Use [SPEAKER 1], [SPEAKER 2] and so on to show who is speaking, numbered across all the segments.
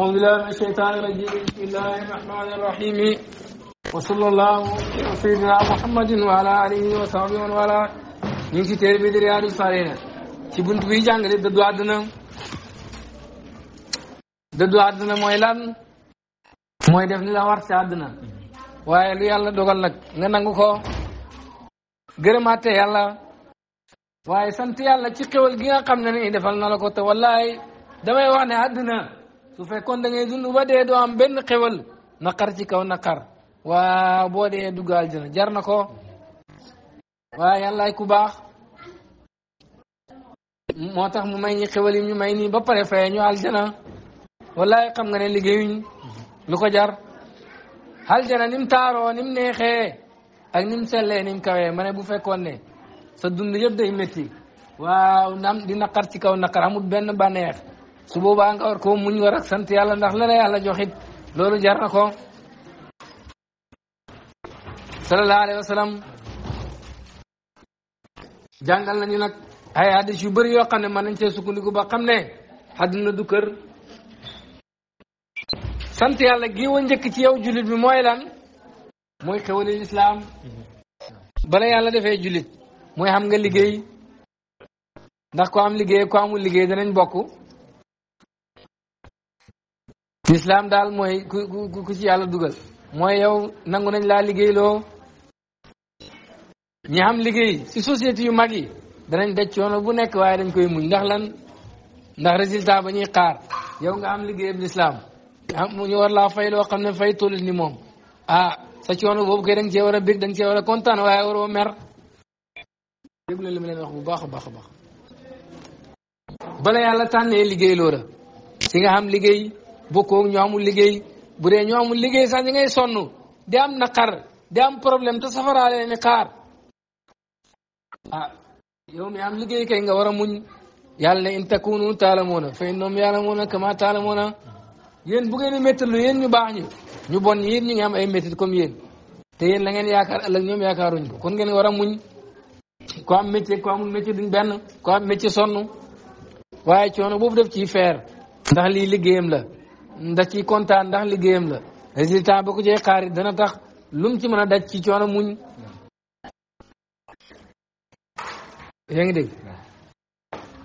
[SPEAKER 1] أعوذ بالله من الشيطان الرجيم بسم الله الرحمن الرحيم وصلى الله سيدنا محمد وعلى آله وصحبه ومن والاه ñu ngi ci téere bi di Riyaadu Saalihiin ci bunt biy jàngale dëddu àdduna dëddu àdduna mooy lan mooy def li la war ci àdduna waaye lu yàlla dogal nag nga nangu ko gërëmaate yàlla waaye sant yàlla ci xéwal gi nga xam ne ni defal na la ko te wallaay damay wax ne àdduna su fekkoon da ngay dund ba dee doo am benn xewal naqar ci kaw naqar waa boo dee dugg aljana jar na ko waa yàllaay ku baax moo tax mu may ñi xewal yi may nii ba pare fay ñu aljana wallaay xam nga ne liggéeyuñ lu ko jar aljana nim taaroo nim neexee ak nim sellee nim kawee ma ne bu fekkoon ne sa dund yëpp day métti waaw nam di naqar ci kaw naqar amul benn bànneex su boobaa nga war koo muñ war ak sant yàlla ndax la la yàlla joxit loolu jar na ko sallallahu alayhi nañu nag ay hadis yu bari yoo xam ne mën nañ cee sukkandiku ba xam ne àdduna du kër sant yàlla gi wa njëkk ci yow jullit bi mooy lan mooy xewali lislaam bala yàlla defee jullit mooy xam nga liggéey ndax ko am liggéey ko amul liggéey danañ bokk lislaam daal mooy ku ku ci yàlla dugal mooy yow nangu nañ laa liggéey loo ñi am liggéey ci société yu mag yi danañ daj coono bu nekk waaye dañ koy muñ ndax lan ndax résultat ba ñuy xaar yow nga am liggéey bi lislaam am ñu war laa fay loo xam ne fay tollu ni moom ah sa coono boobu kay da nga war a bég da nga cee war a kontaan waaye waroo mer déglu li ma bu baax a baax a baax bala yàlla tànnee liggéey loola si nga am liggéey bokkoo ñu amul liggéey bu dee ñu amul liggéey sax ñi ngay sonn di am naqar di am problème te safaraa leen ni xaar ah yow mi am liggéey kay nga war a muñ yàlla ne in takunu taalamuuna fa innahum yaalamuuna kama taalamuuna yéen bu ngeen di méttalu yéen ñu baax ñi ñu bon yéen ñu ngi am ay méttit kom yéen te yéen la ngeen yaakaar ëllëg ñoom yaakaaruñ ko kon ngeen war a muñ ku am métier ku amul métier duñ benn ku am métier sonn waaye coono boobu def ciy feer ndax lii liggéeyam la ndax ci kontaan ndax liggéeyam la résultat ba ko cee xaari dana tax lum ci mën a daj ci coono muñ yaa ngi dégg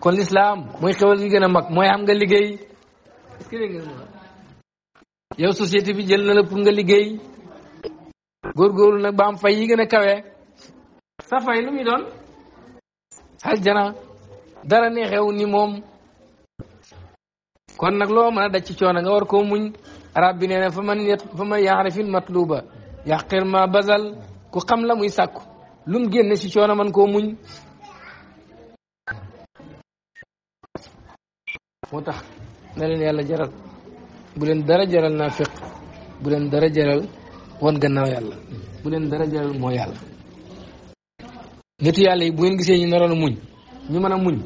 [SPEAKER 1] kon lislaam mooy xewal gi gën a mag mooy am nga liggéey yow société bi jël na la pour nga liggéey góorgóorlu nag ba am fay yi gën a kawe sa fay lu muy doon aljana dara neexew ni moom kon nag loo mën a daj ci coono nga war koo muñ arab bi nee fa man fa man yaxrafil matluba yaqir ma basal ku xam la muy sàkku lu mu génne ci coono man koo muñ moo tax na leen yàlla jaral bu leen dara jaral naafiq bu leen dara jaral woon gannaaw yàlla bu leen dara jaral moo yàlla nitu yàlla yi bu ngeen gisee ñu naroon a muñ ñu mën a muñ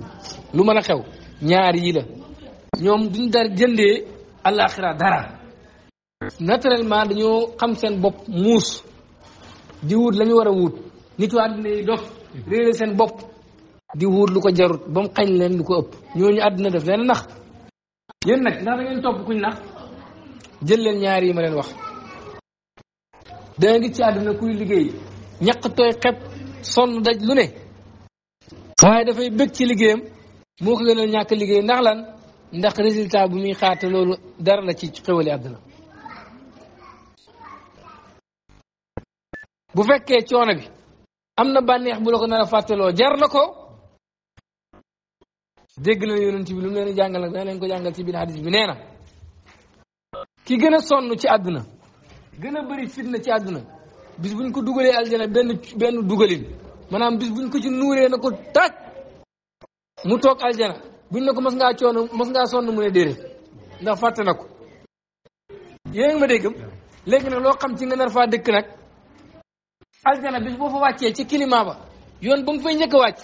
[SPEAKER 1] lu mën a xew ñaar yii la ñoom duñ dara jëndee àllaaxira dara naturellement dañoo xam seen bopp muus di wut la ñu war a wut nit waa àddina yi dof réere seen bopp di wut lu ko jarut ba mu xañ leen lu ko ëpp ñooñu àdduna def leen nax yéen nag ndax da ngeen topp kuñ nax jël leen ñaar yi ma leen wax da nga ci àdduna kuy liggéey ñaq tooy xep sonn daj lu ne waaye dafay bëgg ci liggéeyam moo ko gënal ñàkk liggéey ndax lan ndax résultat bu muy xaar te loolu dara la ci xéwali àdduna bu fekkee coono bi am na bànneex bu la ko nar a fàttaloo jar na ko dégg na yonent bi lu mu leen jàngal nag dana leen ko jàngal ci biir hadis bi nee na ki gën a sonn ci àdduna gën a bëri fitna ci àdduna bis buñ ko dugalee aljana benn benn dugalin maanaam bis buñ ko ci nuuree na ko taaj mu toog aljana buñ ne ko mos ngaa coono mos ngaa sonn mu ne déedéet ndax fàtte na ko yéen ma dégg léegi nag loo xam ci nga nar faa dëkk nag aljana bis boo fa wàccee ci climat ba yoon ba nga fay njëkk wàcc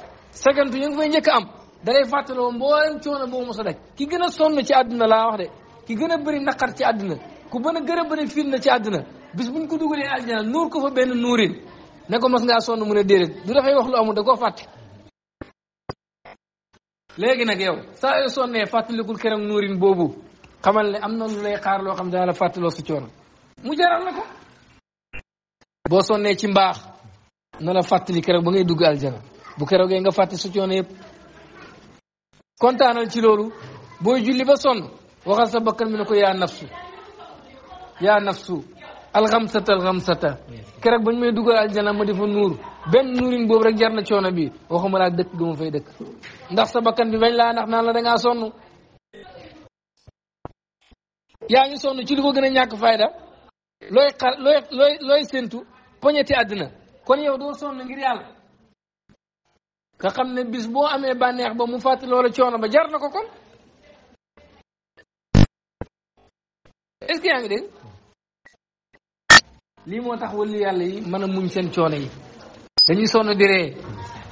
[SPEAKER 1] wàcc bi ñu ngi fay njëkk a am dalay fàttaloo mboolem coono boo mos a daj ki gën a sonn ci àdduna laa wax de ki gën a bëri naqar ci àdduna ku bën a gën a bëri na ci àdduna bis buñ ko dugalee aljana nuur ko fa benn nuurin ne ko mos ngaa sonn mu ne déedéet du dafay wax lu amul da koo fàtte léegi nag yow saa yoo sonnee fàttalikul keroog nuurin boobu xamal ne am na lu lay xaar loo xam daal la fàttaloo sa coono mu jaral la ko. boo sonnee ci mbaax na la fàttali keroog ba ngay dugg aljana bu keroogee nga fàttali sa coono yëpp kontaanal ci loolu booy julli ba sonn waxal sa bakkan mi ne ko yaa nafsu yaa nafsu alxamsata alxamsata keroog bañ may dugal aljana ma defa nuur benn nuurin boobu rek jar na coono bi waxuma laa dëkk gu ma fay dëkk ndax sa bakkan bi bañ laa ndax naan la da ngaa yaa ngi sonn ci li ko gën a ñàkk fayda looy xar looy looy poñeti àddina kon yow doo sonn ngir yàlla nga xam ne bis boo amee bànneex ba mu fàttali loola coono ba jar ko kon est-ce lii moo tax wali yàlla yi mën a muñ seen coono yi dañuy sonn di ree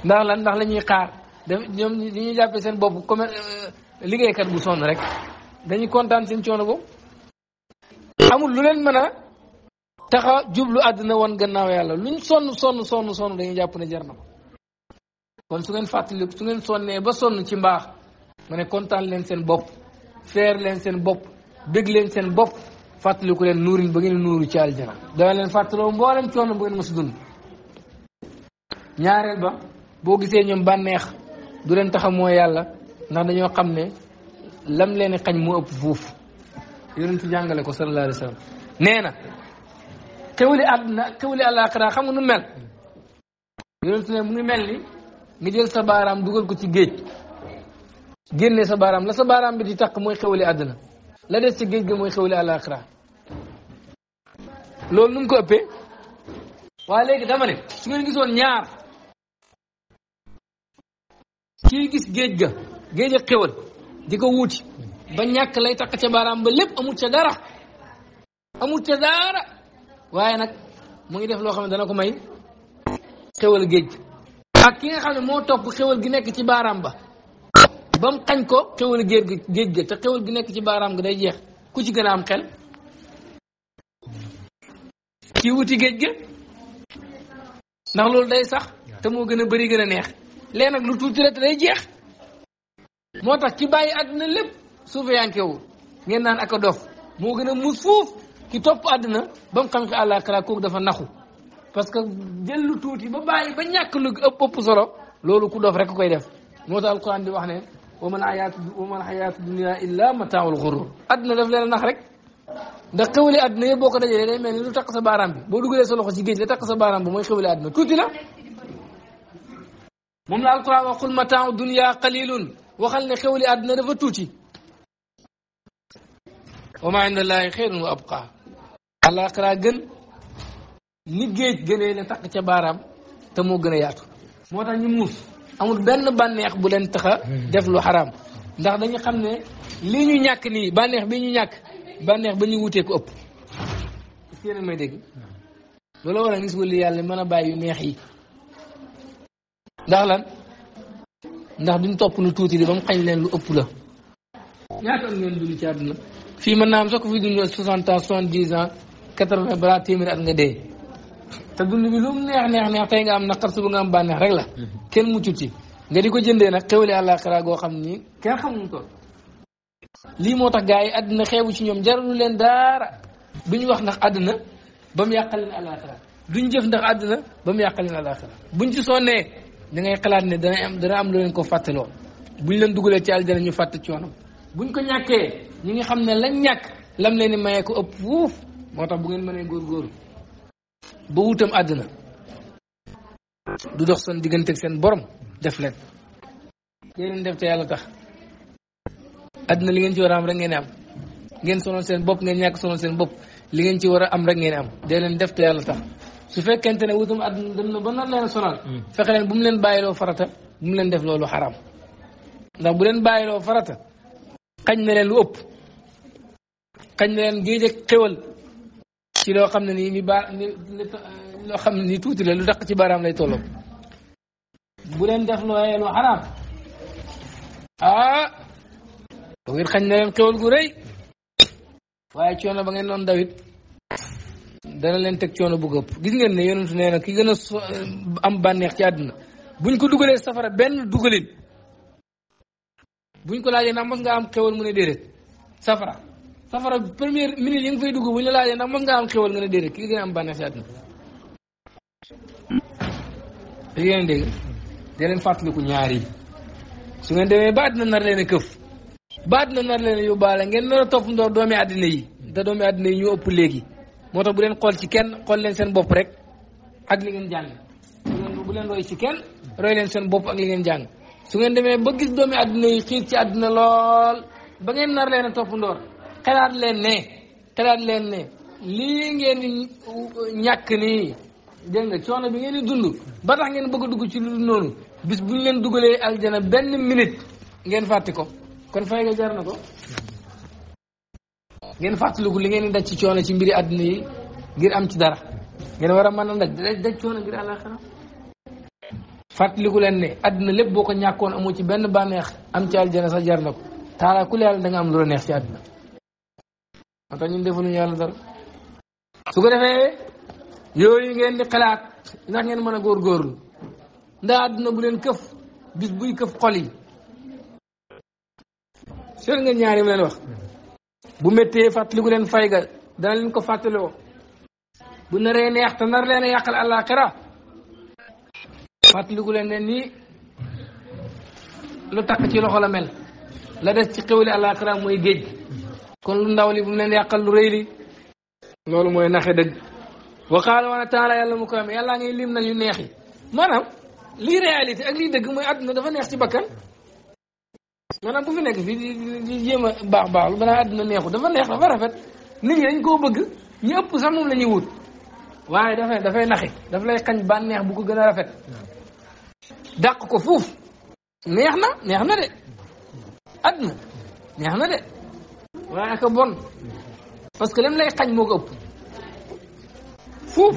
[SPEAKER 1] ndax lan ndax la xaar daf ñoom ñi ñuy jàppee seen bopp comme euh, liggéeykat bu sonn rek dañuy kontaan seen coono boobu xamul lu leen mën a taxa jublu àddina wan gannaaw yàlla luñ sonn sonn sonn sonn dañuy jàpp ne jar na ko kon su ngeen fàttali su ngeen sonnee ba sonn ci mbaax ma ne kontaan leen seen bopp feer leen seen bopp bëgg leen seen bopp fàttaliku leen nuuriñ ba ngeen nuuru ci aljana dana leen fàttaloo mboolem coono ba ngeen mës a dund ñaareel ba boo gisee ñoom bànneex du leen tax mooy yàlla ndax dañoo xam ne lam leen xaj moo ëpp fuuf yonent jàngale ko sallallahu alayhi nee na xewli àdduna xewli àllaaxira xam nga nu mel mu mel ni nga jël sa baaraam dugal ko ci géej génne sa baaraam la sa baaraam bi di takk mooy xewli àdduna la des ci géej gi mooy xewli àllaaxira loolu nu mu ko ëppee waaye léegi dama ne su ngeen gisoon ñaar kii gis géej ga géej a xéwal di ko wuuti ba ñàkk lay takk ca baaraam ba lépp amul ca dara amul ca dara waaye nag mu ngi def loo xam ne dana ko may xéwal géej ak ki nga xam ne moo topp xéwal gi nekk ci baaraam ba ba mu xañ ko xéwal géej géej ga te xéwal gi nekk ci baaraam ga day jeex ku ci gën a am xel kii wuti géej ga ndax loolu day sax te moo gën a bëri gën a neex léegi nag lu tuuti la te day jeex moo tax ki bàyyi àdduna lépp suufe yankewul ngeen naan aka a dof moo gën a muus fuuf ki topp àdduna ba mu xam ki àllaaxira kooku dafa naxu parce que jël lu tuuti ba bàyyi ba ñàkk lu ëpp ëpp solo loolu ku dof rek koy def moo tax alquran di wax ne wa man ayaatu wa man ayaatu dunia illa mataaul xurur àdduna daf leen a nax rek ndax xewli àdduna yëpp boo ko dajalee day mel ni lu takk sa baaraam bi boo dugalee sa loxo ci géej la takk sa baaraam bi mooy xewli àdduna tuuti na moom la alquran waxul mataa dunya qalilun waxal ne xewli àdduna dafa tuuti wa ma inda allahi xeyrun wa abqa àllaaxira gën ni géej gënee la takk ca baaraam te moo gën a yaatu moo tax ñu muus amul benn bànneex bu leen taxa def lu xaraam ndax dañu xam ne li ñu ñàkk nii bànneex bi ñu ñàkk bànneex ba ñuy wutee ko ëpp yéen a dégg loolu war a gis wali yàlla mën a bàyyi yu neex yi ndax lan ndax duñ topp lu tuuti li ba mu xañ leen lu ëpp la ñaata am ngeen dund ci àdduna fii mën naa am soo ko fi dund soixante ans soixante dix ans quatre vingt balaa téeméeri at nga dee te dund bi lu mu neex neex neex tey nga am naqar suba nga am bànneex rek la mhm. kenn muccut ci nga di ko jëndee nag xéwale àllaaxira goo xam ni kenn xamuñ ko lii moo tax gars yi àddina xeebu ci ñoom jaralu leen daara duñ wax ndax àddina ba mu yàqaleen àllaaxira duñ jëf ndax àddina ba mu yàqaleen àllaaxira buñ ci sonnee da ngay xalaat ne dana am dana am lu leen ko fàttaloo buñ leen dugalee ci àljana ñu fàtt coonam buñ ko ñàkkee ñi ngi xam ne lañ ñàkk lam leen di mayee ko ëpp fuuf moo tax bu ngeen mënee góor ba wutam àddina du dox seen digganteek seen borom def leen. yéen def ci yàlla tax. àddina li ngeen ci war a am rek ngeen am ngeen sonal seen bopp ngeen ñàkk sonal seen bopp li ngeen ci war a am rek ngeen am dee leen def te yàlla tax su fekkente ne wutum àddina dem na ba nan leen sonal hmm. fexe leen bu mu leen bàyyiloo farata bu mu leen def loolu xaram ndax bu leen bàyyiloo farata xañ na leen lu ëpp xañ na leen géej ak xéwal ci loo xam ne nii mi baa mi loo xam ne nii tuuti la daq ci baaraam lay tolloo lu xaraam ah ba xañ na leen xewal gu rëy waaye coono ba ngeen doon dawit dana leen teg coono bu gëpp gis ngeen ne yonentu nee na ki gën a am bànneex ci àdduna buñ ko dugalee safara benn dugalin ko laajee ndax mos nga am xewal mu ne safara safara première minute yi nga fay dugg buñ la nga am xewal ne déedéet ki gën a am bànneex ci àdduna da ngeen dégg da leen fàttaliku ñaar yi su ngeen demee ba àdduna nar leen këf baat na nar leen yóbbaale ngeen nar a topp ndoor doomi àddina yi te doomi àddina yi ñoo ëpp léegi moo tax bu leen xool ci kenn xool leen seen bopp rek ak li ngeen jàng bu leen roy ci kenn roy leen seen bopp ak li ngeen jàng su ngeen demee ba gis doomi àddina yi xiit ci àddina lool ba ngeen nar leen a topp ndoor xelaat leen ne xelaat leen ne lii ngeen di ñàkk nii dégg nga coono bi ngeen di dund ba tax ngeen bëgg dugg ci lu noonu bis bu ñu leen dugalee aljana benn minute ngeen fàtte ko kon fay nga jar na ko ngeen fàttaliku li ngeen di daj ci coono ci mbiri àddina yi ngir am ci dara ngeen war a mën a daj daj coono ngir àllaaxira fàttaliku leen ne àddina lépp boo ko ñàkkoon amoo ci benn bànneex am ci aljana sax jar na ko taalaa ku yàlla da nga am lu la neex ci àddina moo tax ñun defaluñu yàlla dara su ko defee yooyu ngeen di xalaat ndax ngeen mën a góorgóorlu ndax àddina bu leen këf bis buy këf xol yi seen ngeen ñaari mu leen wax bu méttee fàttaliku leen fay ga dana leen ko fàttaliwoo bu naree neex te nar leen a yàqal àllaaxira fàttaliku leen ne nii lu takk ci loxo la mel la des ci xewli àllaaxira mooy géej kon lu ndaw li bu mu leen yàqal lu rëy loolu mooy naxe dëgg waxaal wana taala yàlla mu ko am yàllaa ngay lim na yu neex yi maanaam lii réalité ak lii dëgg mooy àdduna dafa neex ci bakkan maanaam ku fi nekk fii di jéem a baax baaxlu banaa àdduna neexu dafa neex dafa rafet nit ñi dañ koo bëgg ñu ëpp sax moom la ñuy wut waaye dafay dafay naxi daf lay xañ bànneex bu ko gën a rafet dàq ko fuuf neex na neex na de àdduna neex na de waaye ak bon parce que lam lay xañ moo ko ëpp fuuf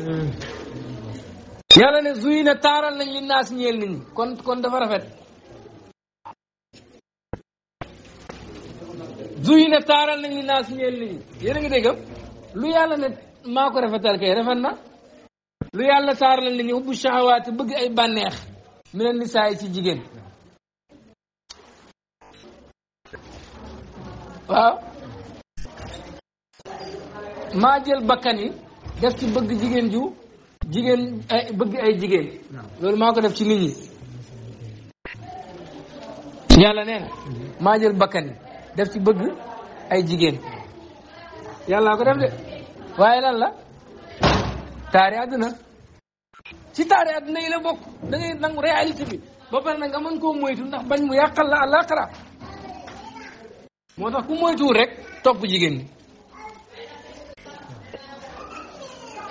[SPEAKER 1] yàlla ne zuyina taaral nañ li naas ñeel nit ñi kon kon dafa rafet duy ne taaral nañ naa si ñeel nit ñi yéen a lu yalla ne mako rafetal kay rafet na lu yalla taral nit ñi hubbu shahawaat bëgg ay banex mi ne nisaa ci jigen wa ma jël bakani def ci bëgg jigen ju jigen bëgg ay jigen loolu mako def ci nit ñi yalla neena ma jël bakani def ci bëgg ay jigéen yàllaa ko def de waaye lan la taari àdduna ci taari àdduna yi la bokk da nangu réalité bi ba pare na nga mën koo moytu ndax bañ mu yàqal la àllaaxira moo tax ku moytuwul rek topp jigéen ñi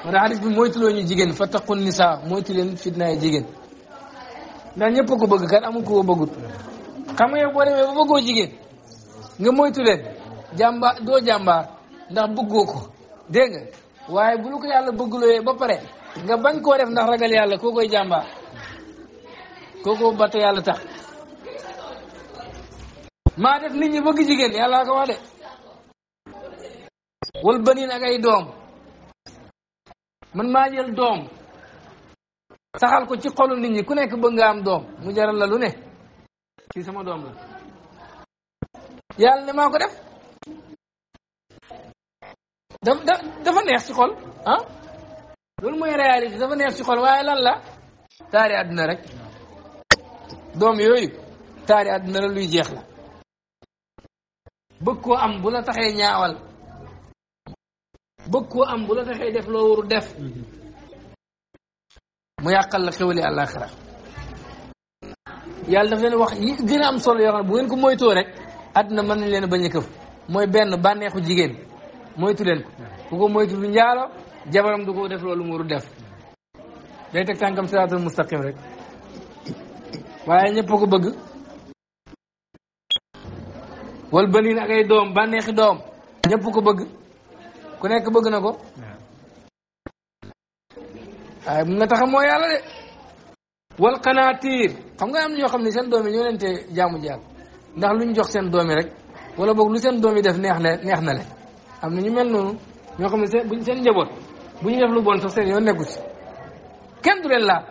[SPEAKER 1] moo tax hadis bi moytuloo ñu jigéen fa taqun nisaa moytu leen fitnaay jigéen ndax ñëpp ko bëgg kat amul boo demee ba bëggoo jigéen nga moytu jàmbar doo jàmbar ndax bëggoo ko dégg nga waaye bu lu ko yàlla bëgglooyee ba pare nga bañ koo def ndax ragal yàlla koo koy jàmbaar kooko bato yàlla tax maa def nit ñi bëgg jigéen yàlla ko wax de wal baniin ak ay doom man maa jël doom saxal ko ci xolu nit ñi ku nekk bëgg nga am doom mu jaral la lu ne ci sama doom la yàlla ne maa ko def dafa dafa neex ci xol ah loolu mooy réalité dafa neex ci xol waaye lan la taari àdduna rek doom yooyu taari àdduna la luy jeex la bëgg koo am bu la taxee ñaawal bëgg koo am bu la taxee def loo waru def mu yàqal la xewali àllaaxira yàlla dafa leen wax yi gën a am solo yoo xam bu ngeen ko moytoo rek àdduna mën nañ leen a bañ mooy benn bànneexu jigéen moytu leen ko ku ko moytu du njaalo jabaram du def loolu mu warul def day teg tànkam siraatal mustaqim rek waaye ñëpp ko bëgg wal baniin ak ay doom bànneexi doom ñëpp ko bëgg ku nekk bëgg na ko waaye mun nga taxam moo yàlla de wal qanaatiir xam nga am ñoo xam ne seen doom ñoo leen te jaamu jaal ndax lu ñu jox seen doom rek wala boog lu seen doom yi def neex na neex na leen am na ñu mel noonu ñoo xam ne seen buñ seen njaboot bu ñu def lu bon sax seen yoon nekku si kenn du leen laal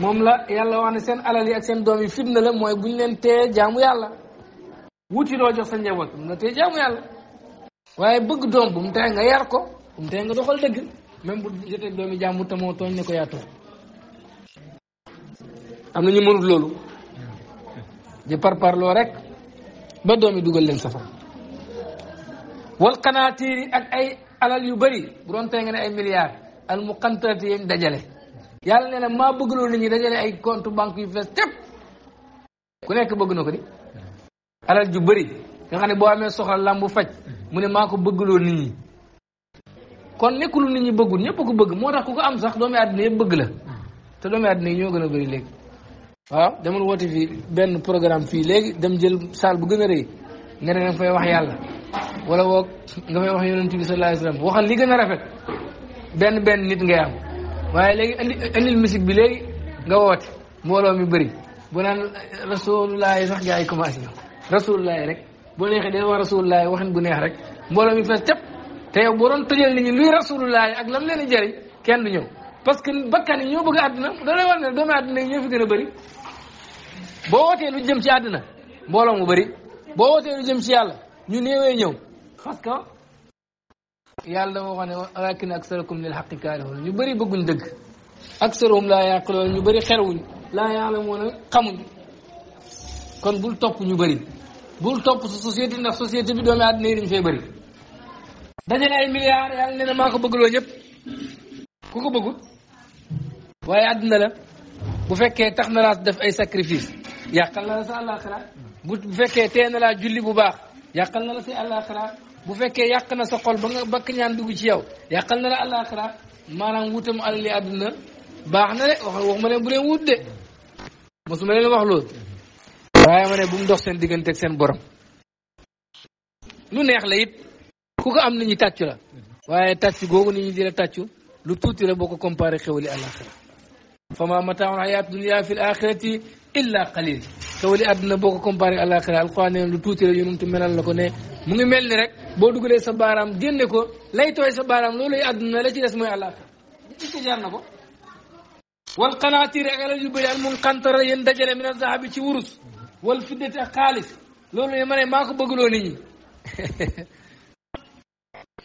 [SPEAKER 1] moom la yàlla wax ne seen alal yi ak seen doom fitna la mooy bu ñu leen tee jaamu yàlla wuti loo jox sa njaboot mu la tee jaamu yàlla waaye bëgg doom bu mu tee nga yar ko bu mu tee nga doxal dëgg même bu jotee doomi jaamu tamoo tooñ ne ko yaatu tooñ am na ñu mënut loolu di parloo rek ba doom yi dugal leen safara wal qanaatiir yi ak ay alal yu bëri bu doon tey nga ne ay milliards al muqantarati yañ dajale yàlla nee na maa bëgg loolu nit ñi dajale ay compte banque yu fees tépp ku nekk bëgg na ko di alal ju bëri nga xam ne boo amee soxla làmbu faj mu ne maa ko bëgg loo nit ñi kon nekkulu nit ñi bëggul ñëpp ko bëgg moo tax ku ko am sax doomi àddina yëpp bëgg la te doomi àddina yi ñoo gën a bëri léegi waaw demal woote fii benn programme fii léegi dem jël saal bu gën a rëy nga ne danga fay wax yàlla wala wook nga fay wax yonent bi sallallahu alayhi wasallam waxal li gën a rafet benn benn nit ngay am waaye léegi andi andil musique bi léegi nga woote mbooloo mi bëri bu naan rasulullah yi sax gars yi commencé ñëw rasulullah yi rek boo neexee dina wax rasulullah yi waxin bu neex rek mbooloo mi fees tëpp te yow boo doon tëjal nit ñi luy rasulullah ak lam leen di jëriñ kenn du ñëw parce que bakkan yi ñoo bëgg àdduna da lay war ne doomu àdduna ñoo fi gën a bëri boo wootee lu jëm ci àddina mbooloo mu bari boo wootee lu jëm ci yàlla ñu néewee ñëw parce que yàlla dama wax ne walakin aksarakum lil xaqi kaarihuun ñu bëri bëgguñ ñu bëri xerwuñ laa yaalamuun xamuñ kon bul topp ñu bëri bul topp sa société ndax société bi doomu àdduna yi dañu fee bëri dajale ay milliards yàlla nee na maa ko bëggloo ñëpp ku ko bëggut waaye àddina la bu fekkee tax na laa def ay sacrifice yàqal na la sa àllaaxira bu bu fekkee tee na laa julli bu baax yàqal na la sa àllaaxira bu fekkee yàq na sa xol ba nga bakk ñaan dugg ci yow yàqal na la àllaaxira maanaam wutam alali àdduna baax na de wax wax ma leen bu leen wut de mosuma leen wax loolu waaye ma ne bu mu dox seen diggante ak seen borom lu neex la it ku ko am nit ñi tàccu la waaye tàccu googu nit ñi di la tàccu lu tuuti la boo ko comparé xewali àllaaxira فما متاع الحياة الدنيا في الآخرة إلا قليل كولي أدنى بوكم بارك الله خير القرآن لو توتي يوم تمنى لكم مو ميل رك بودو غلي سبارام جينكو لاي توي سبارام لولاي أدنى لا تي اسمو الله ديتي جارنا بو والقناطير على الجبال المنقنطرة يندجل من الذهب تي ورس والفضة خالص لولاي ماني ماكو بغلو نيني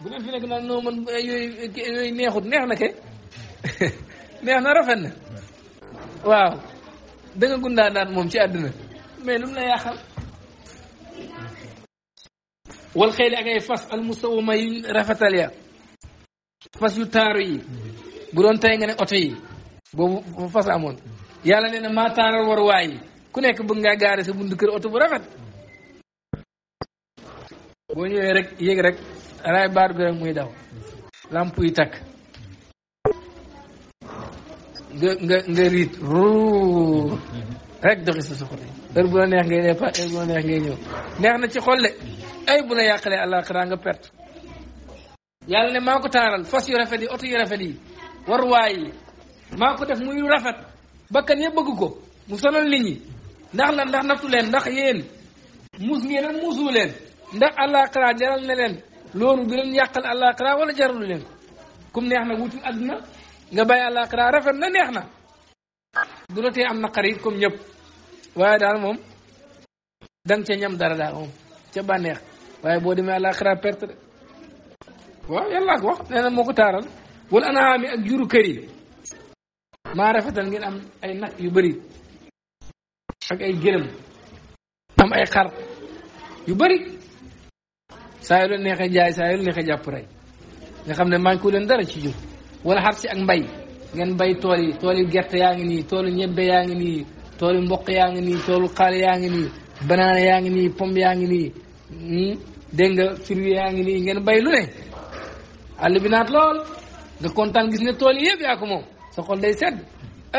[SPEAKER 1] bu leen fi nekk naan noo man yooyu yooyu neexut neex waaw da nga gundaa moom ci àdduna mais lu mu la wal xëy ak ay fas al musawama yu rafetal ya fas yu taaru yi bu doon tey nga ne oto yi boobu fas amoon yàlla nee na maa taaral war waay ku nekk bëgg ngaa gaare sa buntu kër oto bu rafet boo ñëwee rek yéeg rek raay baar bi rek muy daw lamp takk nga nga nga riit ruur rek doxi sa soxla heure bu la neex ngay neex ñëw neex na ci xolle ay bu la yàqalee àllaaxira nga perte yàlla ne maa ko taaral fas yu rafet yi oto yu rafet yi waruwaay yi maa ko def muy rafet bakkan ya bëgg ko mu sonal ni ñi ndax la ndax nattu leen ndax yéen muus ngeen ak muusu leen ndax àllaaxira jaral na leen loolu di leen yàqal àllaaxira wala jaralu leen kum neex na wutul àdduna nga bàyyi àllaaxira rafet na neex na du la am naqar yi comme ñëpp waaye daal moom danga ca ñam dara daal moom ca bànneex waaye boo demee àllaaxira perte de waaw yàlla wax nee na moo ko taaral wala ak juru kër maa rafetal ngeen am ay nag yu bëri ak ay gëlëm am ay xar yu bëri saa yu leen neexee jaay saa yu leen neexee jàpp rey nga xam ne maa ngi ko leen dara ci jur wala xar si ak mbay ngeen mbay tool yi tool yi gerte yaa ngi nii toolu ñebbe yaa ngi nii toolu mboq yaa ngi nii toolu xaal yaa ngi nii banaana yaa ngi nii pomme yaa ngi nii hmm? dégg nga yaa ngi nii ngeen bay lu ne àll bi lool nga kontaan gis ne tool yi yëpp yaa ko moom sa xol day sedd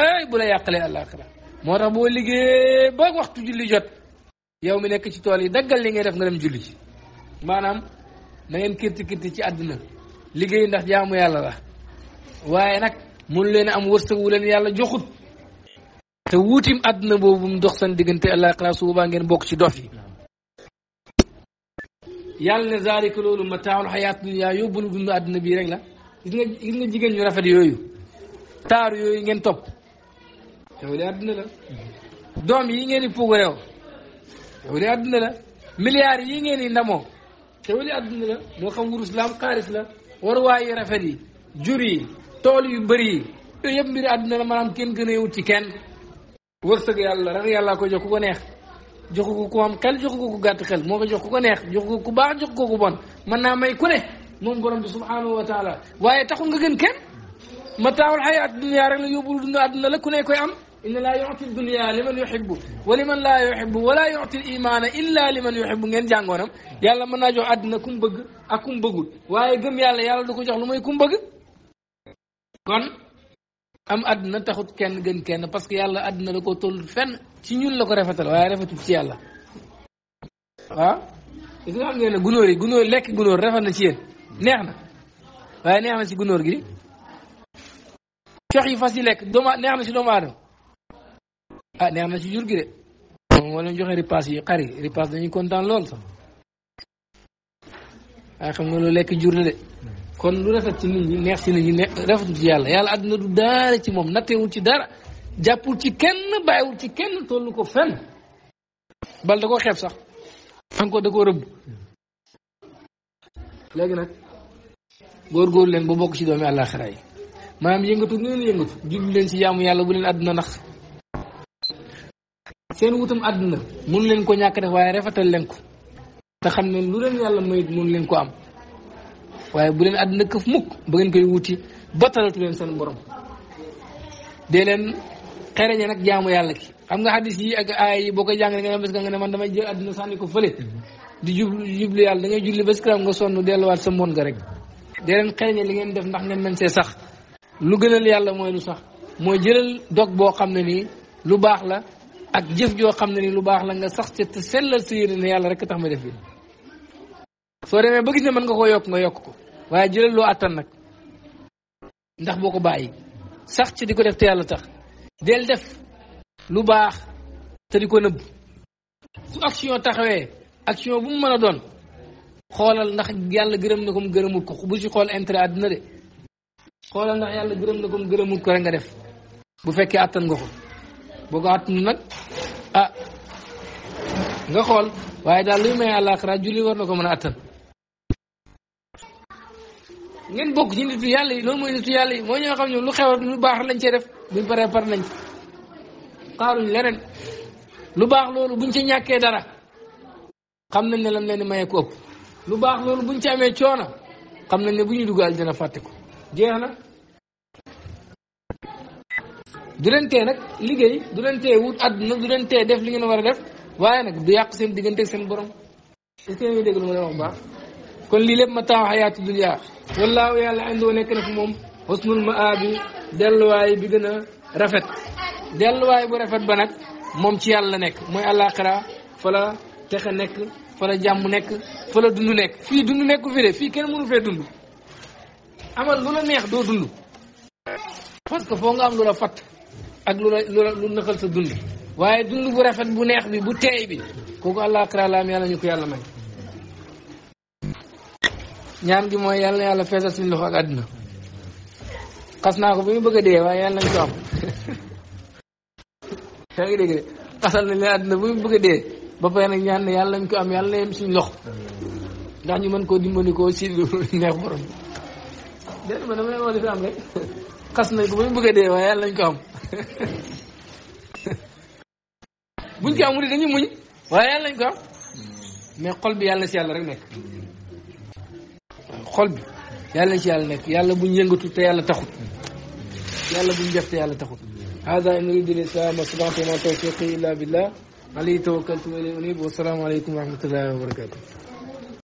[SPEAKER 1] ay bu la yàqalee àllaaxira moo tax boo liggéey ba waxtu julli jot yow mi nekk ci tool yi daggal li ngay def nga dem julli maanaam na ngeen kirti kirti ci àdduna liggéey ndax jaamu yàlla la waaye nag mun leen am wërsëg wu leen yàlla joxut te wuutim àdduna boobu mu dox seen diggante àllaaxira su boobaa ngeen bokk ci dof yi yàlla ne zaalika loolu mataaul xayaat dunya yóbbu na dund àdduna bii rek la gis jigéen ñu rafet yooyu taaru yooyu ngeen topp yow de àdduna la doom yi ngeen di àdduna la milliards yi ngeen di ndamoo yow de àdduna la moo xam wurus la am xaalis la waruwaay yu rafet yi jur yi tool yu bëri yi yooyu yëpp mbiri àdduna la maanaam kenn gën a wut ci kenn wërsëg yàlla rek yàllaa ko jox ku ko neex joxu ko ku am xel joxu ko ku gàtt xel moo ko jox ku ko neex joxu ko ku baax joxu ko ku bon mën naa may ku ne moom borom bi subhanahu wa taala waaye taxul nga gën kenn mataawul xayaat dunia rek la yóbbul dund àdduna la ku ne koy am inna laa yuti dunia liman yuhibu wa liman laa yuhibu walaa yuti l imaana illa liman yuhibu ngeen jàngoonam yàlla mën naa jox àdduna ku mu bëgg ak ku mu bëggul waaye gëm yàlla yàlla du ko jox lu may ku mu bëgg kon am àdduna taxut kenn gën kenn parce que yàlla àdduna la ko tollu fenn ci ñun la ko rafetal waaye rafetul ci yàlla waaw ne gunóor yi gunóor lekk gunóor rafet na ci yéen neex na waaye neex na ci gunóor gi cox yi fas yi lekk dooma neex na ci doomu aadama ah neex na ci jur gi de moom moo leen joxe ripaas yi xar yi ripaas dañuy kontaan lool sax waaye xam nga loolu lekk jur la de kon lu rafet ci nit ñi neex ci nit ñi ne rafetul ci yàlla yàlla àdduna du daara ci moom nattewul ci dara jàppul ci kenn bàyyiwul ci kenn tollu ko fenn bal da ko xeeb sax encore da koo rëbb léegi nag góor-góor leen ba bokk ci doomi àllaaxira yi maanaam yëngatu nu leen yëngatu jublu leen ci yaamu yàlla bu leen àdduna nax seen wutum àdduna mun leen ko ñàkk def waaye rafetal leen ko te xam ne lu leen yàlla mayit mun leen ko am waaye bu leen àddina këf mukk ba ngeen koy wuti ba talatu leen seen borom dee leen xereñe nag jaamu yàlla ki xam nga hadis yi ak aay yi boo koy jàng nga ne bés nga ne man damay jël àddina sànni ko fële di jublu jublu yàlla da ngay julli bés kiraam nga sonn delluwaat sa moon nga rek dee leen xereñe li ngeen def ndax ngeen mën see sax lu gënal yàlla mooy lu sax mooy jëlal dog boo xam ne nii lu baax la ak jëf joo xam ne nii lu baax la nga sax ca te sellal sa yéene ne yàlla rek tax ma def bi soo demee ba gis ne mën nga koo yokk nga yokk ko waaye jëlal loo attan nag ndax boo ko bàyyi sax ci di ko def te yàlla tax del def lu baax te di ko nëbb su action taxawee action bu mu mën a doon xoolal ndax yàlla gërëm na ko mu gërëmut ko ci xool intérêt àddina de xoolal yàlla gërëm na ko mu gërëmut ko rek nga def bu fekkee àttan nga ko boo ko attanu nag ah nga xool waaye daal luy may àllaaxira julli war na ko mën a àttan ngeen bokk ci nitu yàlla yi loolu mooy nitu yàlla yi mooy ñoo xam ne lu xew lu baax lañ cee def buñ paree par nañ xaaruñ leneen lu baax loolu buñ ci ñàkkee dara xam nañ ne lam leen mayee ko ëpp lu baax loolu buñ ci amee coono xam nañ ne bu ñu dugal dina fàtte ko jeex na du leen tee nag liggéey du leen tee wut àdduna du leen tee def li ngeen war a def waaye nag du yàq seen diggante seen borom est-ce que dégg lu ma leen wax baax kon lii lépp ma taaw xayaatu dunya wallaahu yàlla indoo nekk na fi moom xusnul maabi delluwaay bi gën a rafet delluwaay bu rafet ba nag moom ci yàlla nekk mooy àllaaxira fa la nekk fa la jàmm nekk fa la nekk fii dund nekku fii kenn mënu fee dund amal lu la neex doo dund parce que foo nga am lu la fatt ak lu la lu la lu sa dund waaye dund bu rafet bu neex bi bu teey bi kooku àllaaxira la am yàlla ñu ko yàlla may ñaan gi mooy yàlla yàlla feesal suñu loxo ak àddina xas naa ko bi mu bëgg dee waaye yàlla nañ ko am nañ leen àddina bu bëgg a dee ba pare yàlla nañ ko am yàlla na suñu loxo ndax ñu mën koo dimbali koo si lu nañ ko bëgg a dee waaye yàlla ko am buñ ko dañuy muñ waaye yàlla nañ ko am mais xol bi yàlla si yàlla rek nekk. xol bi yàlla ci yàlla nekk yàlla buñ yëngatu te yàlla taxut yàlla buñ def te yàlla taxut hada in uridu lislam wastatatu ma tawfiqi illa billah alayhi tawakkaltu wa ilayhi unib wa salaamu alaykum wa rahmatullahi wa barakatuh